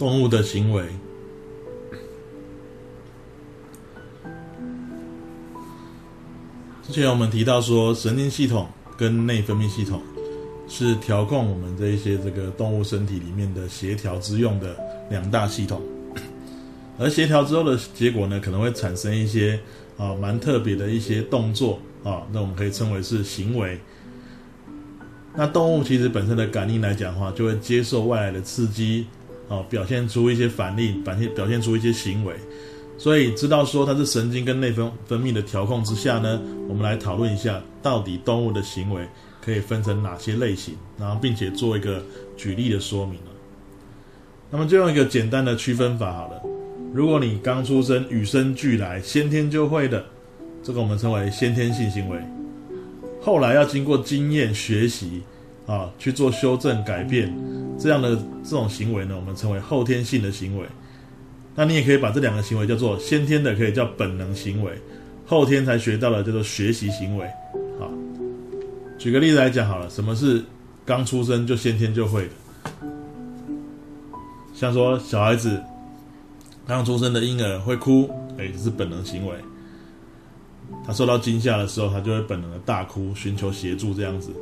動物的行為，之前我們提到說，神經系統跟內分泌系統是調控我們這一些這個動物身體裡面的協調之用的兩大系統。而協調之後的結果呢，可能會產生一些啊蠻特別的一些動作啊，那我們可以稱為是行為。那動物其實本身的感應來講的話，就會接受外來的刺激。哦，表現出一些反應，表現表現出一些行為，所以知道說它是神經跟內分，分泌的調控之下呢，我們來討論一下到底動物的行為可以分成哪些類型，然後並且做一個舉例的說明了。那麼就用一個簡單的區分法好了，如果你剛出生與生俱來，先天就會的，這個我們稱為先天性行為，後來要經過經驗學習。啊，去做修正，改變這樣的這種行為呢，我們稱為後天性的行為。那你也可以把這兩個行為叫做先天的，可以叫本能行為；後天才學到的叫做學習行為。好，舉個例子來講好了，什麼是剛出生就先天就會的？像說小孩子剛出生的嬰兒會哭，誒，這是本能行為。他受到驚嚇的時候，他就會本能的大哭，尋求協助這樣子。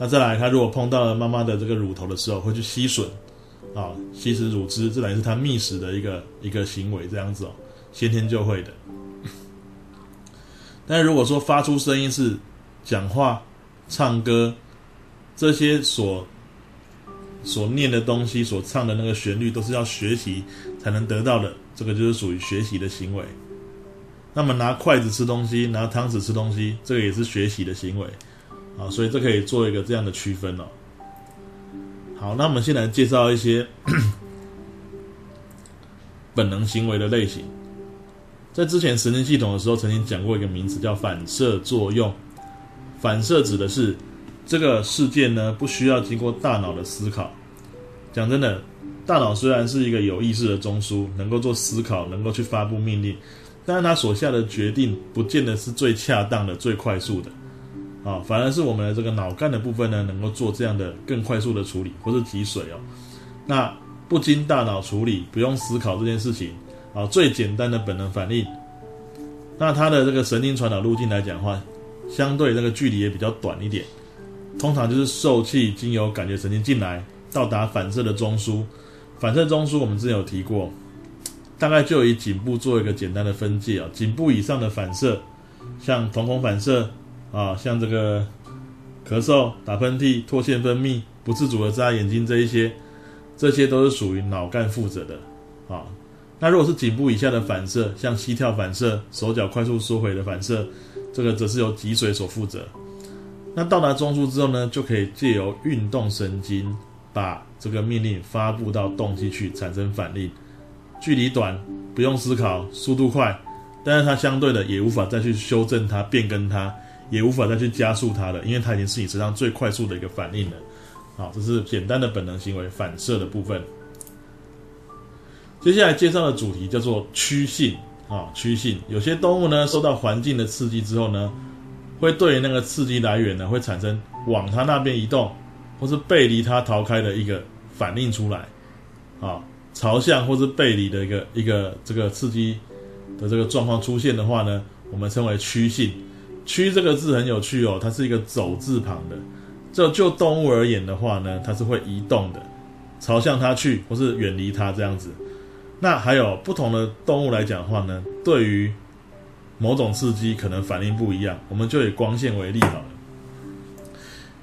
那再來，他如果碰到了媽媽的這個乳頭的時候，會去吸吮，啊，吸食乳汁，這等於是他覓食的一個一個行為，這樣子哦，先天就會的。 但如果說發出聲音是講話、唱歌，這些所所念的東西、所唱的那個旋律，都是要學習才能得到的，這個就是屬於學習的行為。那麼拿筷子吃東西、拿湯匙吃東西，這個也是學習的行為。啊，所以這可以做一個這樣的區分哦。好，那我們先來介紹一些呵呵本能行為的類型。在之前神經系統的時候，曾經講過一個名詞叫反射作用。反射指的是這個事件呢，不需要經過大腦的思考。講真的，大腦雖然是一個有意識的中樞，能夠做思考，能夠去發布命令，但是它所下的決定，不見得是最恰當的、最快速的。啊，反而是我們的這個腦幹的部分呢，能夠做這樣的更快速的處理或是提水哦。那不經大腦處理，不用思考這件事情啊，最簡單的本能反應。那它的這個神經傳導路徑來講的話，相對這個距離也比較短一點。通常就是受器經由感覺神經進來，到達反射的中樞。反射中樞我們之前有提過，大概就以頸部做一個簡單的分界啊，頸部以上的反射，像瞳孔反射。啊，像這個咳嗽、打噴嚏、唾腺分泌、不自主的眨眼睛這一些，這些都是屬於腦幹負責的。啊，那如果是頸部以下的反射，像膝跳反射、手腳快速縮回的反射，這個則是由脊髓所負責。那到達中樞之後呢，就可以借由運動神經把這個命令發布到動機去產生反應，距離短，不用思考，速度快，但是它相對的也無法再去修正它、變更它。也無法再去加速它了，因為它已經是你身上最快速的一個反應了。好，這是簡單的本能行為反射的部分。接下來介紹的主題叫做趨性啊，趨性。有些動物呢，受到環境的刺激之後呢，會對那個刺激來源呢，會產生往它那邊移動，或是背離它逃開的一個反應出來。啊，朝向或是背離的一個一個這個刺激的這個狀況出現的話呢，我們稱為趨性。趨這個字很有趣哦，它是一個走字旁的。就就動物而言的話呢，它是會移動的，朝向它去或是遠離它這樣子。那還有不同的動物來講的話呢，對於某種刺激可能反應不一樣。我們就以光線為例好了，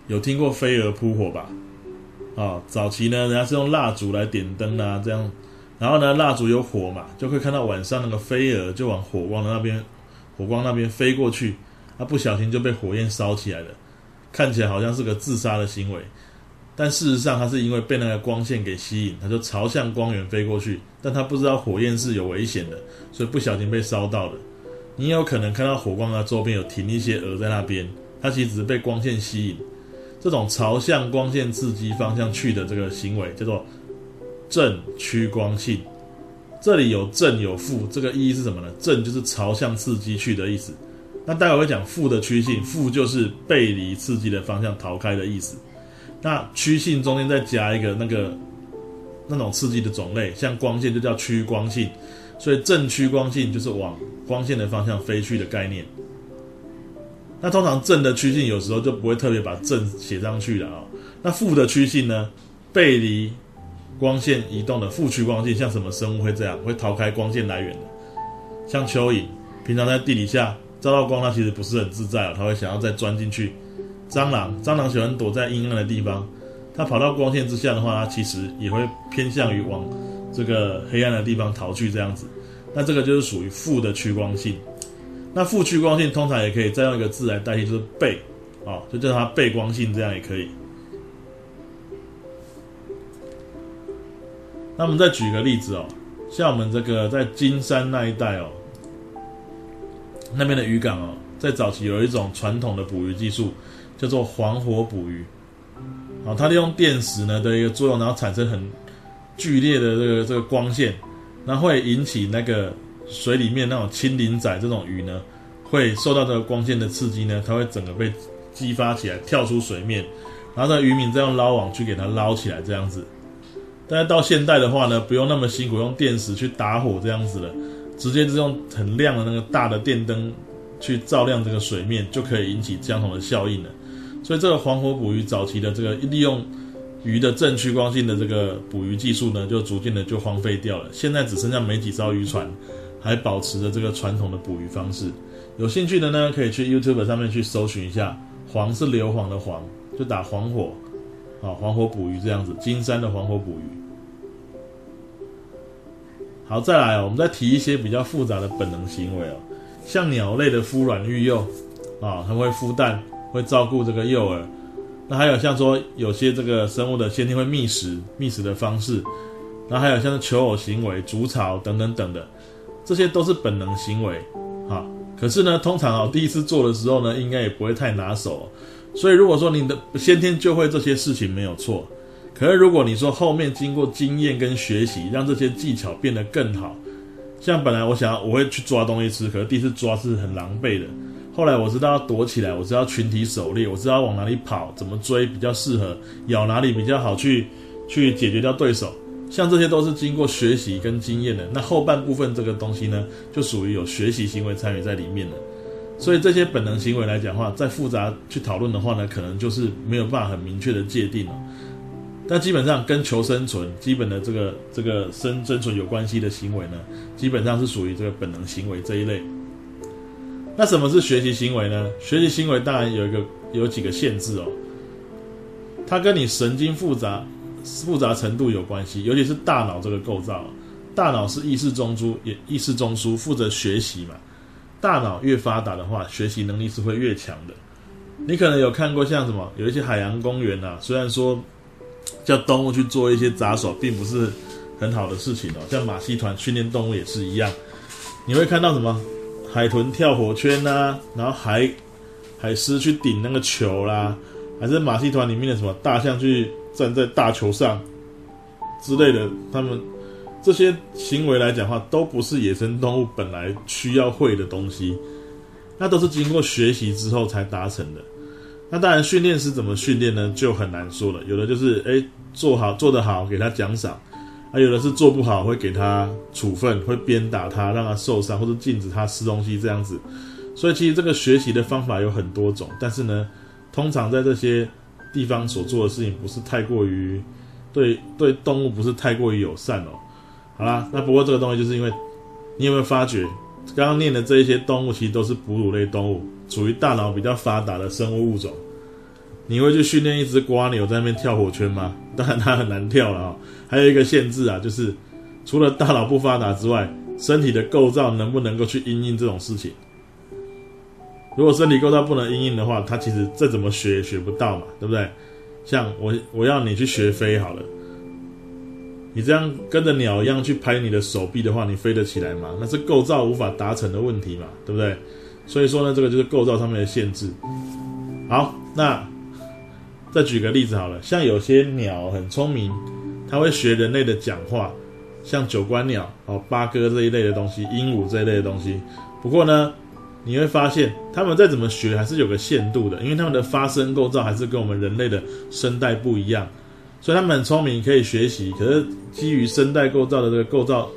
有聽過飛蛾撲火吧？啊、哦，早期呢，人家是用蠟燭來點燈啊，這樣，然後呢，蠟燭有火嘛，就會看到晚上那個飛蛾就往火光的那邊，火光那邊飛過去。他不小心就被火焰燒起來了，看起來好像是個自殺的行為，但事實上他是因為被那個光線給吸引，他就朝向光源飛過去，但他不知道火焰是有危險的，所以不小心被燒到了。你有可能看到火光的周邊有停一些蛾在那邊，它其實只是被光線吸引。這種朝向光線刺激方向去的這個行為叫做正趨光性。這裡有正有負，這個一是什麼呢？正就是朝向刺激去的意思。那待會會講負的趨性，負就是背離刺激的方向逃開的意思。那趨性中間再加一個那個那種刺激的種類，像光線就叫趨光性，所以正趨光性就是往光線的方向飛去的概念。那通常正的趨性有時候就不會特別把正寫上去了啊哦。那負的趨性呢，背離光線移動的負趨光性，像什麼生物會這樣？會逃開光線來源的，像蚯蚓，平常在地底下。照到光，它其實不是很自在了，哦，它會想要再鑽進去。蟑螂，蟑螂喜歡躲在陰暗的地方，它跑到光線之下的話，它其實也會偏向於往這個黑暗的地方逃去，這樣子。那這個就是屬於負的趨光性。那負趨光性通常也可以再用一個字來代替，就是背啊，哦，就叫它背光性，這樣也可以。那我們再舉一個例子哦，像我們這個在金山那一帶哦。那邊的漁港哦，在早期有一種傳統的捕魚技術，叫做黃火捕魚。它利用電石呢的一個作用，然後產生很劇烈的這個這個光線，然後會引起那個水裡面那種青鱗仔這種魚呢，會受到這個光線的刺激呢，它會整個被激發起來，跳出水面，然後漁民再用撈網去給它撈起來這樣子。但是到現代的話呢，不用那麼辛苦用電石去打火這樣子了。直接是用很亮的那個大的電燈去照亮這個水面，就可以引起相同的效應了。所以這個磺火捕魚早期的這個利用魚的正趨光性的這個捕魚技術呢，就逐漸的就荒廢掉了。現在只剩下沒幾艘漁船還保持着這個傳統的捕魚方式。有興趣的呢，可以去 YouTube 上面去搜尋一下“磺”是硫磺的“磺”，就打“磺火”啊，“磺火捕魚”這樣子，金山的“磺火捕魚”。好，再來哦，我們再提一些比較複雜的本能行為哦，像鳥類的孵卵育幼啊，它、哦、會孵蛋，會照顧這個幼兒。那還有像說有些這個生物的先天會覓食，覓食的方式，那還有像求偶行為、築巢等等等等的，這些都是本能行為啊、哦。可是呢，通常哦，第一次做的時候呢，應該也不會太拿手、哦，所以如果說你的先天就會這些事情沒有錯。可是，如果你說後面經過經驗跟學習，讓這些技巧變得更好，像本來我想我會去抓東西吃，可是第一次抓是很狼狽的。後來我知道躲起來，我知道群體狩獵，我知道往哪裡跑，怎麼追比較適合，咬哪裡比較好去去解決掉對手。像這些都是經過學習跟經驗的。那後半部分這個東西呢，就屬於有學習行為參與在裡面了。所以這些本能行為來講的話，再複雜去討論的話呢，可能就是沒有辦法很明確的界定了。那基本上跟求生存基本的這個這個生生存有關係的行為呢，基本上是屬於這個本能行為這一類。那什麼是學習行為呢？學習行為當然有一個有幾個限制哦，它跟你神經複雜複雜程度有關係，尤其是大腦這個構造，大腦是意識中樞，也意識中樞負責學習嘛。大腦越發達的話，學習能力是會越強的。你可能有看過像什麼有一些海洋公園啊，雖然說。叫動物去做一些雜耍，並不是很好的事情哦。像馬戲團訓練動物也是一樣，你會看到什麼海豚跳火圈吶、啊，然後海海獅去頂那個球啦、啊，還是馬戲團裡面的什麼大象去站在大球上之類的。他們這些行為來講的話，都不是野生動物本來需要會的東西，那都是經過學習之後才達成的。那當然，訓練是怎麼訓練呢？就很難說了。有的就是哎、欸，做好做得好，給他獎賞；啊，有的是做不好，會給他處分，會鞭打他，讓他受傷，或者禁止他吃東西這樣子。所以其實這個學習的方法有很多種，但是呢，通常在這些地方所做的事情，不是太過於對對動物不是太過於友善哦。好啦，那不過這個東西，就是因為你有沒有發覺？剛剛念的這些動物，其實都是哺乳類動物，屬於大腦比較發達的生物物種。你會去訓練一隻蝸牛在那邊跳火圈嗎？當然它很難跳了啊、哦！還有一個限制啊，就是除了大腦不發達之外，身體的構造能不能夠去因應這種事情？如果身體構造不能因應的話，它其實再怎麼學也學不到嘛，對不對？像我，我要你去學飛好了。你這樣跟着鳥一樣去拍你的手臂的話，你飛得起來嗎？那是構造無法達成的問題嘛，對不對？所以說呢，這個就是構造上面的限制。好，那再舉個例子好了，像有些鳥很聰明，它會學人類的講話，像九官鳥哦、八哥這一類的東西，鸚鵡這一類的東西。不過呢，你會發現它們再怎麼學，還是有個限度的，因為它們的發聲構造還是跟我們人類的聲帶不一樣。所以他們很聰明，可以學習。可是基於聲帶構造的這個構造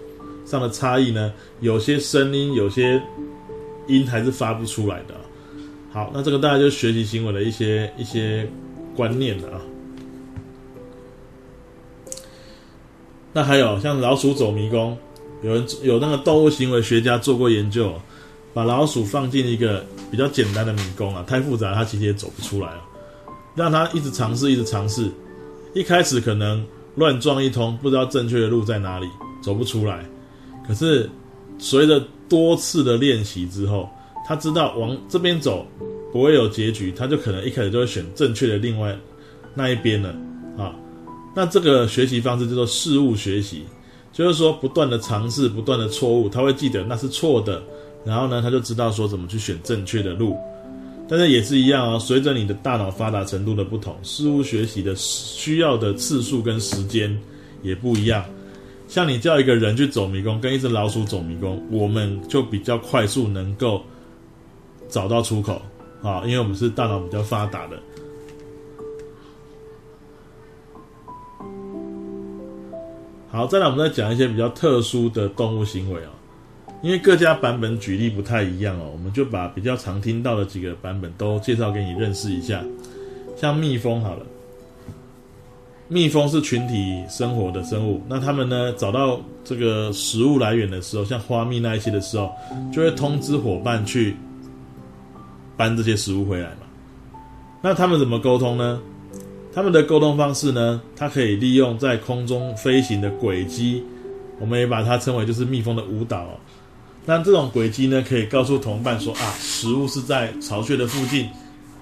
上的差異呢，有些聲音、有些音還是發不出來的。好，那這個大家就學習行為的一些一些觀念了啊。那還有像老鼠走迷宮，有人有那個動物行為學家做過研究，把老鼠放進一個比較簡單的迷宮啊，太複雜它其實也走不出來，讓他一直嘗試，一直嘗試。一開始可能亂撞一通，不知道正確的路在哪裡，走不出來。可是隨着多次的練習之後，他知道往這邊走不會有結局，他就可能一開始就會選正確的另外那一邊了啊。那這個學習方式叫做試誤學習，就是說不斷的嘗試，不斷的錯誤，他會記得那是錯的，然後呢，他就知道說怎麼去選正確的路。但是也是一樣哦，隨着你的大腦發達程度的不同，事物學習的需要的次數跟時間也不一樣。像你叫一個人去走迷宮，跟一隻老鼠走迷宮，我們就比較快速能夠找到出口啊，因為我們是大腦比較發達的。好，再來我們再講一些比較特殊的動物行為哦。因為各家版本舉例不太一樣哦，我們就把比較常聽到的幾個版本都介紹給你認識一下。像蜜蜂好了，蜜蜂是群體生活的生物，那他們呢，找到這個食物來源的時候，像花蜜那一些的時候，就會通知夥伴去搬這些食物回來嘛。那他們怎麼溝通呢？他們的溝通方式呢，它可以利用在空中飛行的軌跡，我們也把它稱為就是蜜蜂的舞蹈哦。那這種軌跡呢，可以告訴同伴說啊，食物是在巢穴的附近，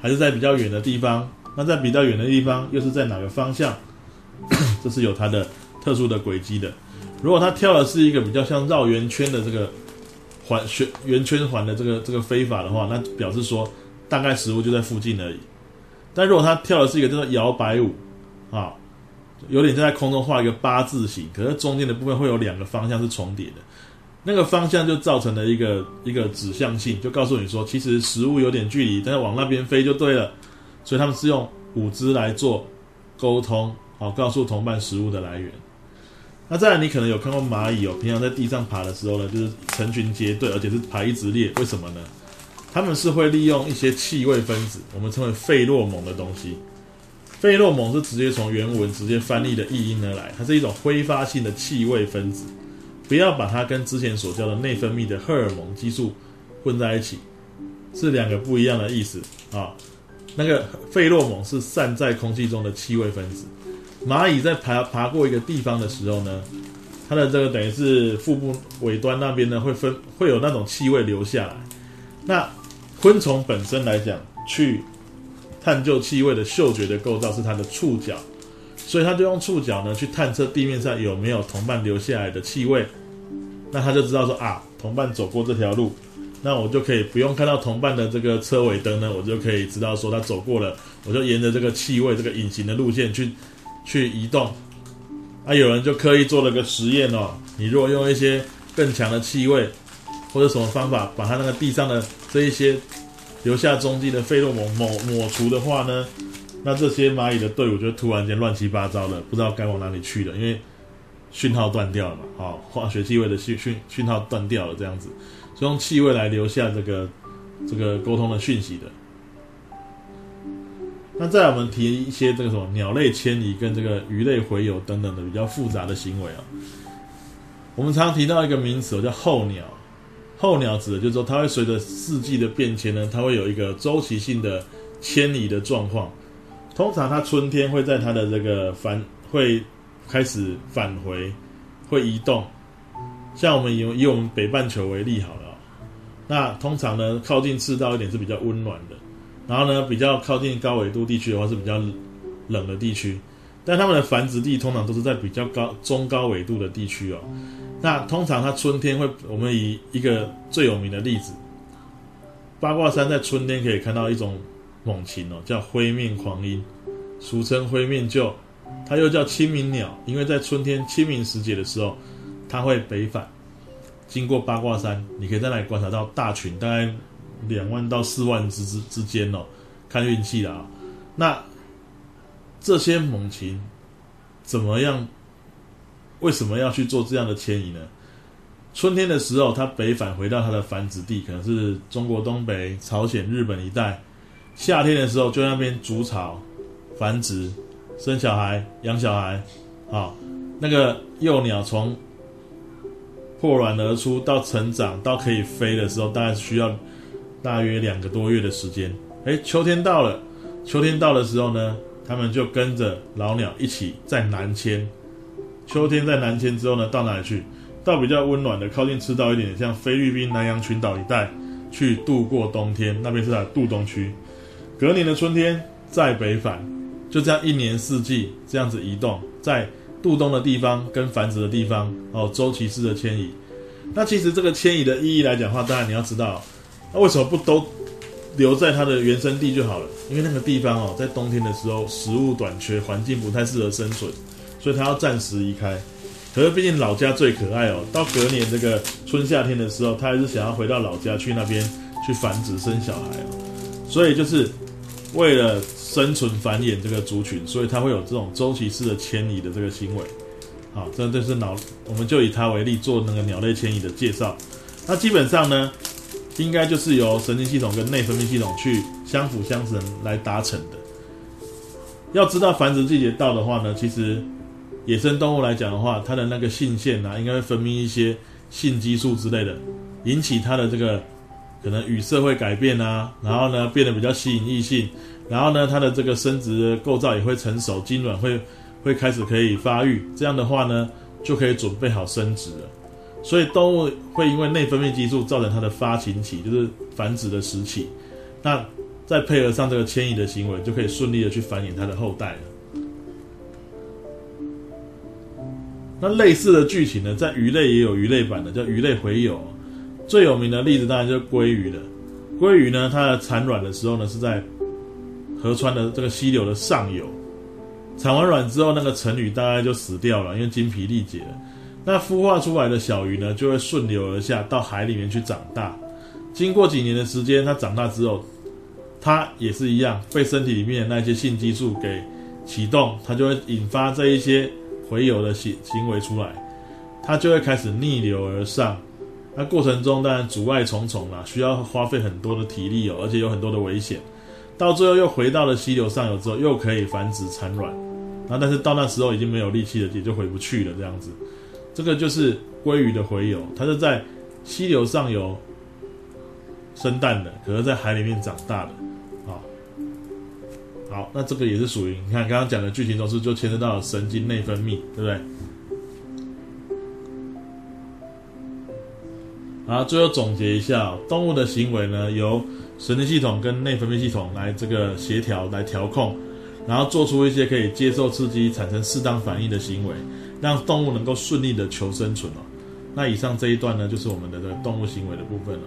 還是在比較遠的地方？那在比較遠的地方，又是在哪個方向？ 這是有它的特殊的軌跡的。如果它跳的是一個比較像繞圓圈的這個環圓圓圈環的這個這個飛法的話，那表示說大概食物就在附近而已。但如果它跳的是一個叫做搖擺舞啊、哦，有點像在空中畫一個八字形，可是中間的部分會有兩個方向是重疊的。那個方向就造成了一個一個指向性，就告訴你說，其實食物有點距離，但是往那邊飛就對了。所以他們是用舞姿來做溝通，好告訴同伴食物的來源。那再來，你可能有看過螞蟻哦，平常在地上爬的時候呢，就是成群結隊，而且是爬一直列。為什麼呢？他們是會利用一些氣味分子，我們稱為費洛蒙的東西。費洛蒙是直接從原文直接翻譯的譯音而來，它是一種揮發性的氣味分子。不要把它跟之前所教的內分泌的荷爾蒙激素混在一起，是兩個不一樣的意思啊。那個費洛蒙是散在空氣中的氣味分子，螞蟻在爬爬過一個地方的時候呢，它的這個等於是腹部尾端那邊呢會分會有那種氣味留下來。那昆蟲本身來講，去探究氣味的嗅覺的構造是它的觸角。所以他就用觸角呢去探測地面上有沒有同伴留下來的氣味，那他就知道說啊，同伴走過這條路，那我就可以不用看到同伴的這個車尾燈呢，我就可以知道說他走過了，我就沿着這個氣味這個隱形的路線去去移動。啊，有人就刻意做了個實驗哦，你如果用一些更強的氣味或者什麼方法，把他那個地上的這一些留下蹤迹的費洛蒙抹抹，抹除的話呢？那這些螞蟻的隊伍就突然間亂七八糟的，不知道該往哪裡去了，因為訊號斷掉了嘛，啊，化學氣味的訊訊訊號斷掉了，這樣子，就用氣味來留下這個這個溝通的訊息的。那再來我們提一些這個什麼鳥類遷移跟這個魚類洄游等等的比較複雜的行為啊，我們常提到一個名詞，哦，叫候鳥。候鳥指的就是說，它會隨着四季的變遷呢，它會有一個周期性的遷移的狀況。通常它春天會在它的這個反，會開始返回，會移動。像我們以以我們北半球為例好了哦，那通常呢靠近赤道一點是比較溫暖的，然後呢比較靠近高緯度地區的話是比較冷的地區。但它們的繁殖地通常都是在比較高中高緯度的地區哦。那通常它春天會，我們以一個最有名的例子，八卦山在春天可以看到一種。猛禽哦，叫灰面狂鷹，俗稱灰面鷲，它又叫清明鳥，因為在春天清明時節的時候，它會北返，經過八卦山，你可以在那裡觀察到大群，大概兩萬到四萬隻之之間哦，看運氣了啊、哦。那這些猛禽怎麼樣？為什麼要去做這樣的遷移呢？春天的時候，它北返回到它的繁殖地，可能是中國東北、朝鮮、日本一帶。夏天的時候就在那邊築巢、繁殖、生小孩、養小孩，啊、哦，那個幼鳥從破卵而出到成長到可以飛的時候，大概是需要大約兩個多月的時間。哎，秋天到了，秋天到的時候呢，他們就跟着老鳥一起在南遷。秋天在南遷之後呢，到哪裡去？到比較溫暖的、靠近赤道一點，像菲律賓、南洋群島一帶去度過冬天。那邊是它的度冬區。隔年的春天再北返，就這樣一年四季這樣子移動，在度冬的地方跟繁殖的地方哦，周期式的遷移。那其實這個遷移的意義來講的話，當然你要知道，那、啊、為什麼不都留在它的原生地就好了？因為那個地方哦，在冬天的時候食物短缺，環境不太適合生存，所以它要暫時移開。可是畢竟老家最可愛哦，到隔年這個春夏天的時候，它還是想要回到老家去那邊去繁殖生小孩，哦、所以就是。為了生存繁衍這個族群，所以它會有這種周期式的遷移的這個行為。好，這就是鳥，我們就以它為例做那個鳥類遷移的介紹。那基本上呢，應該就是由神經系統跟內分泌系統去相輔相成來達成的。要知道繁殖季節到的話呢，其實野生動物來講的話，它的那個性腺啊，應該會分泌一些性激素之類的，引起它的這個。可能羽色會改變啊，然後呢變得比較吸引異性，然後呢它的這個生殖構造也會成熟，精卵會會開始可以發育，這樣的話呢就可以準備好生殖了。所以動物會因為內分泌激素造成它的發情期，就是繁殖的時期。那再配合上這個遷移的行為，就可以順利的去繁衍它的後代了。那類似的劇情呢，在魚類也有魚類版的，叫魚類洄游。最有名的例子當然就是鮭魚了。鮭魚呢，它的產卵的時候呢，是在河川的這個溪流的上游。產完卵之後，那個成魚大概就死掉了，因為精疲力竭了。那孵化出來的小魚呢，就會順流而下到海裡面去長大。經過幾年的時間，它長大之後，它也是一樣被身體裡面的那些性激素給啟動，它就會引發這一些洄游的行行為出來，它就會開始逆流而上。那過程中當然阻礙重重了、啊，需要花費很多的體力哦，而且有很多的危險。到最後又回到了溪流上游之後，又可以繁殖產卵。那、啊、但是到那時候已經沒有力氣了，也就回不去了。這樣子，這個就是鮭魚的洄游，它是在溪流上游生蛋的，可是在海裡面長大的。好、哦，好，那這個也是屬於你看剛剛講的劇情，都是就牽涉到神經內分泌，對不對？然後最後總結一下，動物的行為呢，由神經系統跟內分泌系統來這個協調、來調控，然後做出一些可以接受刺激、產生適當反應的行為，讓動物能夠順利的求生存哦。那以上這一段呢，就是我們的這個動物行為的部分了。